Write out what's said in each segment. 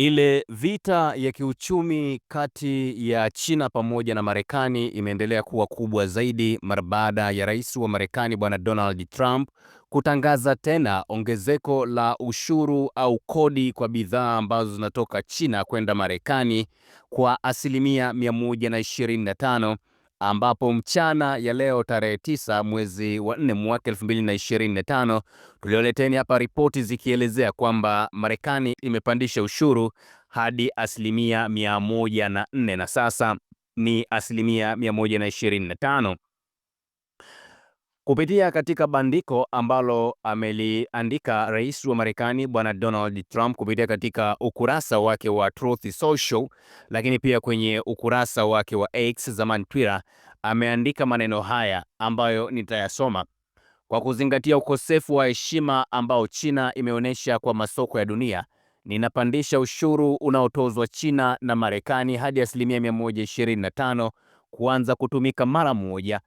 Ile vita ya kiuchumi kati ya China pamoja na Marekani imeendelea kuwa kubwa zaidi mara baada ya Rais wa Marekani Bwana Donald Trump kutangaza tena ongezeko la ushuru au kodi kwa bidhaa ambazo zinatoka China kwenda Marekani kwa asilimia 125 ambapo mchana ya leo tarehe 9 mwezi wa 4 mwaka 2025 tulioleteni hapa ripoti zikielezea kwamba Marekani imepandisha ushuru hadi asilimia 104 na sasa ni asilimia 125. Kupitia katika bandiko ambalo ameliandika rais wa Marekani bwana Donald Trump kupitia katika ukurasa wake wa Truth Social, lakini pia kwenye ukurasa wake wa X zamani Twitter, ameandika maneno haya ambayo nitayasoma. Kwa kuzingatia ukosefu wa heshima ambao China imeonyesha kwa masoko ya dunia, ninapandisha ushuru unaotozwa China na Marekani hadi asilimia 125 kuanza kutumika mara moja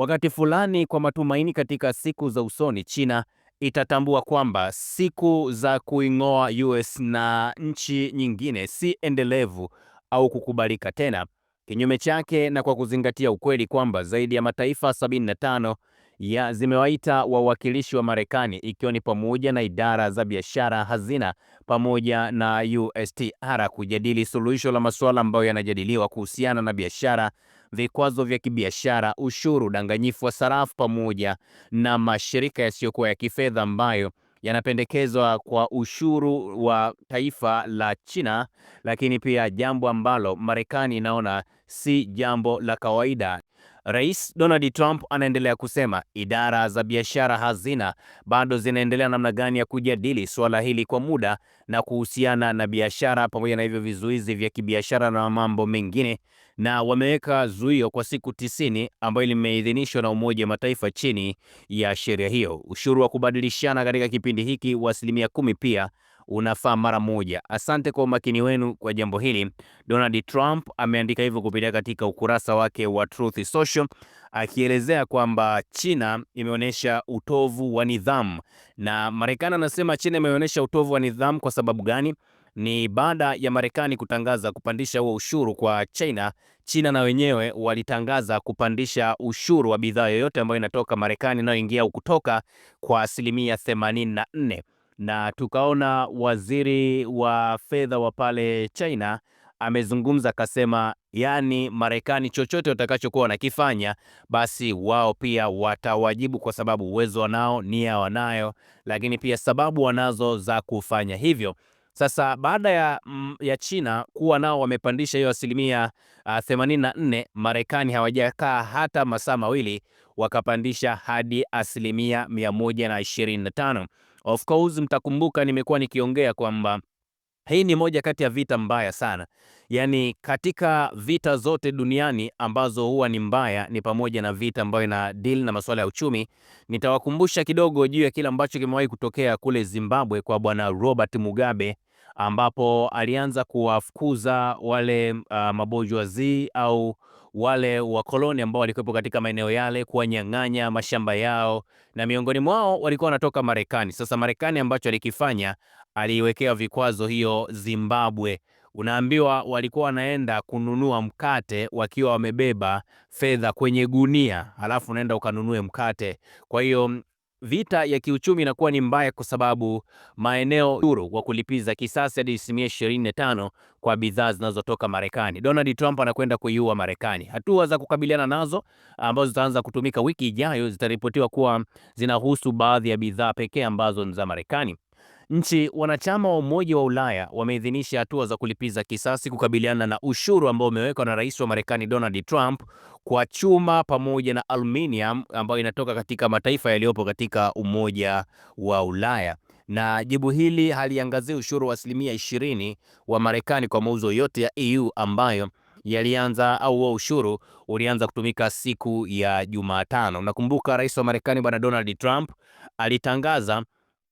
wakati fulani kwa matumaini katika siku za usoni China itatambua kwamba siku za kuing'oa US na nchi nyingine si endelevu au kukubalika tena. Kinyume chake na kwa kuzingatia ukweli kwamba zaidi ya mataifa 75 ya zimewaita wawakilishi wa Marekani ikiwa ni pamoja na idara za biashara, hazina pamoja na USTR kujadili suluhisho la masuala ambayo yanajadiliwa kuhusiana na biashara vikwazo vya kibiashara, ushuru, danganyifu wa sarafu, pamoja na mashirika yasiyokuwa ya kifedha ambayo yanapendekezwa kwa ushuru wa taifa la China, lakini pia jambo ambalo Marekani inaona si jambo la kawaida. Rais Donald Trump anaendelea kusema idara za biashara hazina bado zinaendelea namna gani ya kujadili suala hili kwa muda na kuhusiana na biashara pamoja na hivyo vizuizi vya kibiashara na mambo mengine, na wameweka zuio kwa siku tisini ambayo limeidhinishwa na Umoja wa Mataifa chini ya sheria hiyo. Ushuru wa kubadilishana katika kipindi hiki wa asilimia kumi pia unafaa mara moja. Asante kwa umakini wenu kwa jambo hili. Donald Trump ameandika hivyo kupitia katika ukurasa wake wa Truth Social akielezea kwamba China imeonyesha utovu wa nidhamu, na Marekani anasema China imeonyesha utovu wa nidhamu. Kwa sababu gani? Ni baada ya Marekani kutangaza kupandisha huo ushuru kwa China. China na wenyewe walitangaza kupandisha ushuru wa bidhaa yoyote ambayo inatoka Marekani inayoingia au kutoka kwa asilimia 84 na tukaona waziri wa fedha wa pale China amezungumza akasema, yani Marekani chochote watakachokuwa wanakifanya basi wao pia watawajibu, kwa sababu uwezo wanao, nia wanayo, lakini pia sababu wanazo za kufanya hivyo. Sasa baada ya, mm, ya China kuwa nao wamepandisha hiyo asilimia uh, ah, 84, Marekani hawajakaa hata masaa mawili wakapandisha hadi asilimia 125. Of course mtakumbuka nimekuwa nikiongea kwamba hii ni moja kati ya vita mbaya sana. Yaani katika vita zote duniani ambazo huwa ni mbaya ni pamoja na vita ambayo ina deal na masuala ya uchumi. Nitawakumbusha kidogo juu ya kile ambacho kimewahi kutokea kule Zimbabwe kwa bwana Robert Mugabe ambapo alianza kuwafukuza wale uh, ah, mabojwazi au wale wakoloni ambao walikuwepo katika maeneo yale, kuwanyang'anya mashamba yao, na miongoni mwao walikuwa wanatoka Marekani. Sasa Marekani ambacho alikifanya aliiwekea vikwazo hiyo Zimbabwe. Unaambiwa walikuwa wanaenda kununua mkate wakiwa wamebeba fedha kwenye gunia, alafu unaenda ukanunue mkate. Kwa hiyo vita ya kiuchumi inakuwa ni mbaya kwa sababu maeneo huru wa kulipiza kisasi hadi asilimia 25 kwa bidhaa zinazotoka Marekani. Donald Trump anakwenda kuiua Marekani. Hatua za kukabiliana nazo ambazo zitaanza kutumika wiki ijayo zitaripotiwa kuwa zinahusu baadhi ya bidhaa pekee ambazo ni za Marekani. Nchi wanachama wa Umoja wa Ulaya wameidhinisha hatua za kulipiza kisasi kukabiliana na ushuru ambao umewekwa na Rais wa Marekani Donald Trump kwa chuma pamoja na aluminium ambayo inatoka katika mataifa yaliyopo katika Umoja wa Ulaya na jibu hili haliangazi ushuru wa asilimia ishirini wa Marekani kwa mauzo yote ya EU ambayo yalianza au wa ushuru ulianza kutumika siku ya Jumatano. Nakumbuka rais wa Marekani bwana Donald Trump alitangaza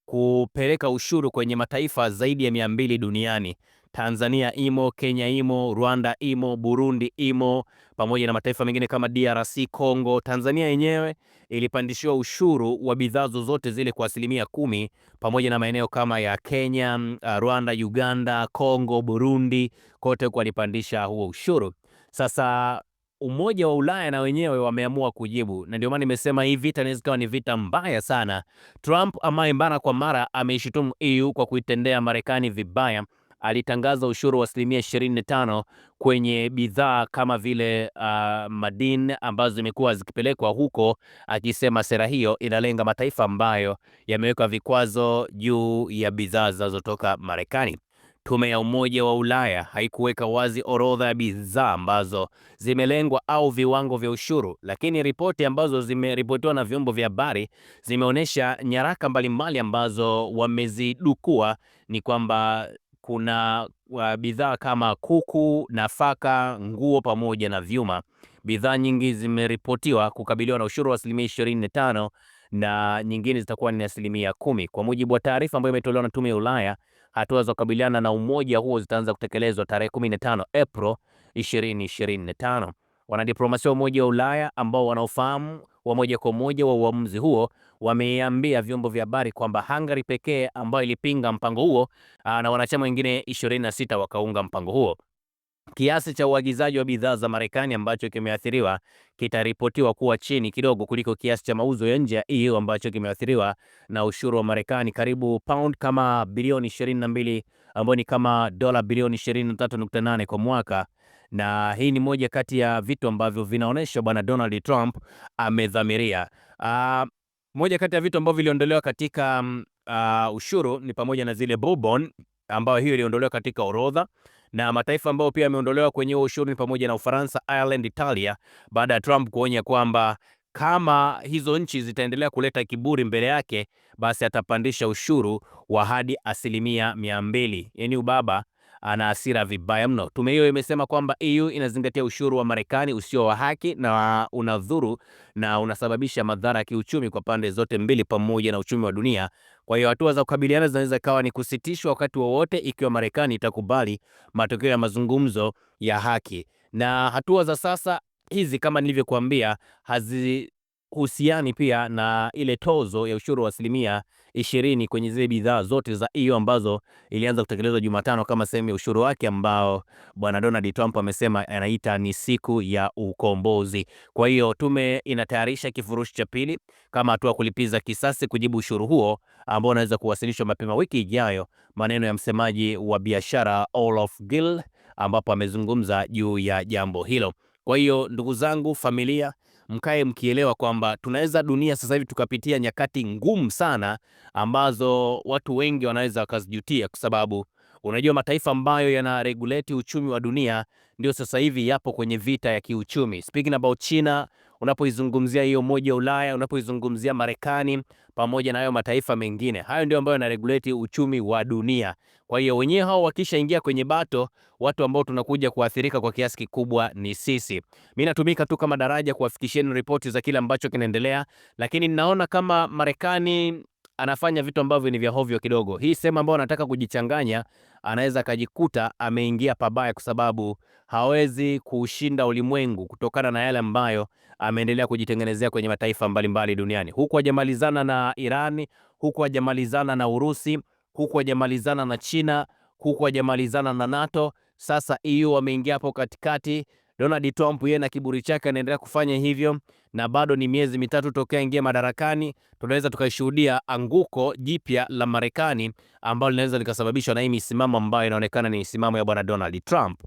kupeleka ushuru kwenye mataifa zaidi ya mia mbili duniani. Tanzania imo, Kenya imo, Rwanda imo, Burundi imo, pamoja na mataifa mengine kama DRC Congo. Tanzania yenyewe ilipandishiwa ushuru wa bidhaa zozote zile kwa asilimia kumi, pamoja na maeneo kama ya Kenya, uh, Rwanda, Uganda, Congo, Burundi, kote alipandisha huo ushuru. Sasa Umoja wa Ulaya na wenyewe wameamua kujibu, na ndio maana nimesema hii vita inaweza ikawa ni vita mbaya sana. Trump ambaye mara kwa mara ameishutumu EU kwa kuitendea Marekani vibaya, alitangaza ushuru wa asilimia 25 kwenye bidhaa kama vile uh, madini ambazo zimekuwa zikipelekwa huko, akisema sera hiyo inalenga mataifa ambayo yameweka vikwazo juu ya bidhaa zinazotoka Marekani. Tume ya Umoja wa Ulaya haikuweka wazi orodha ya bidhaa ambazo zimelengwa au viwango vya ushuru, lakini ripoti ambazo zimeripotiwa na vyombo vya habari zimeonyesha nyaraka mbalimbali ambazo wamezidukua ni kwamba kuna bidhaa kama kuku, nafaka, nguo pamoja na vyuma. Bidhaa nyingi zimeripotiwa kukabiliwa na ushuru wa asilimia tano na nyingine zitakuwa ni asilimia kumi, kwa mujibu wa taarifa ambayo imetolewa na Tume ya Ulaya hatua za kukabiliana na umoja huo zitaanza kutekelezwa tarehe 15 April 2025. Wanadiplomasia wa Umoja wa Ulaya ambao wanaofahamu wa moja kwa moja wa uamuzi huo wameiambia vyombo vya habari kwamba Hungary pekee ambayo ilipinga mpango huo ah, na wanachama wengine 26 wakaunga mpango huo. Kiasi cha uagizaji wa bidhaa za Marekani ambacho kimeathiriwa kitaripotiwa kuwa chini kidogo kuliko kiasi cha mauzo ya nje ya EU ambacho kimeathiriwa na ushuru wa Marekani, karibu pound kama bilioni 22 ambayo ni kama dola bilioni 23.8 kwa mwaka na hii ni moja kati ya vitu ambavyo vinaonyesha bwana Donald Trump amedhamiria. Uh, moja kati ya vitu ambavyo viliondolewa katika uh, ushuru ni pamoja na zile bourbon ambayo hiyo iliondolewa katika orodha na mataifa ambayo pia yameondolewa kwenye huo ushuru ni pamoja na Ufaransa, Ireland, Italia baada ya Trump kuonya kwamba kama hizo nchi zitaendelea kuleta kiburi mbele yake, basi atapandisha ushuru wa hadi asilimia mia mbili, yaani ubaba ana hasira vibaya mno. Tume hiyo imesema kwamba EU inazingatia ushuru wa Marekani usio wa haki na unadhuru na unasababisha madhara ya kiuchumi kwa pande zote mbili pamoja na uchumi wa dunia. Kwa hiyo hatua za kukabiliana zinaweza kawa ni kusitishwa wakati wowote wa ikiwa Marekani itakubali matokeo ya mazungumzo ya haki, na hatua za sasa hizi kama nilivyokuambia hazi husiani pia na ile tozo ya ushuru wa asilimia ishirini kwenye zile bidhaa zote za EU ambazo ilianza kutekelezwa Jumatano kama sehemu ya ushuru wake ambao bwana Donald Trump amesema anaita ni siku ya ukombozi. Kwa hiyo tume inatayarisha kifurushi cha pili kama hatua kulipiza kisasi kujibu ushuru huo ambao unaweza kuwasilishwa mapema wiki ijayo, maneno ya msemaji wa biashara Olaf Gill ambapo amezungumza juu ya jambo hilo. Kwa hiyo ndugu zangu, familia mkae mkielewa kwamba tunaweza dunia sasa hivi tukapitia nyakati ngumu sana ambazo watu wengi wanaweza wakazijutia, kwa sababu unajua mataifa ambayo yana regulate uchumi wa dunia ndio sasa hivi yapo kwenye vita ya kiuchumi. Speaking about China, unapoizungumzia hiyo Umoja wa Ulaya, unapoizungumzia Marekani, pamoja na hayo mataifa mengine. Hayo ndio ambayo yanaregulate uchumi wa dunia. Kwa hiyo wenyewe hao wakishaingia kwenye bato, watu ambao tunakuja kuathirika kwa kiasi kikubwa ni sisi. Mimi natumika tu kama daraja kuwafikishieni ripoti za kile ambacho kinaendelea, lakini ninaona kama Marekani anafanya vitu ambavyo ni vya hovyo kidogo. Hii sehemu ambayo anataka kujichanganya, anaweza akajikuta ameingia pabaya, kwa sababu hawezi kuushinda ulimwengu kutokana na yale ambayo ameendelea kujitengenezea kwenye mataifa mbalimbali duniani. Huku hajamalizana na Irani, huku hajamalizana na Urusi, huku hajamalizana na China, huku hajamalizana na NATO. Sasa EU wameingia hapo katikati, Donald Trump yeye na kiburi chake anaendelea kufanya hivyo, na bado ni miezi mitatu tokea ingia madarakani, tunaweza tukaishuhudia anguko jipya la Marekani ambalo linaweza likasababishwa na hii misimamo ambayo inaonekana ni misimamo ya bwana Donald Trump.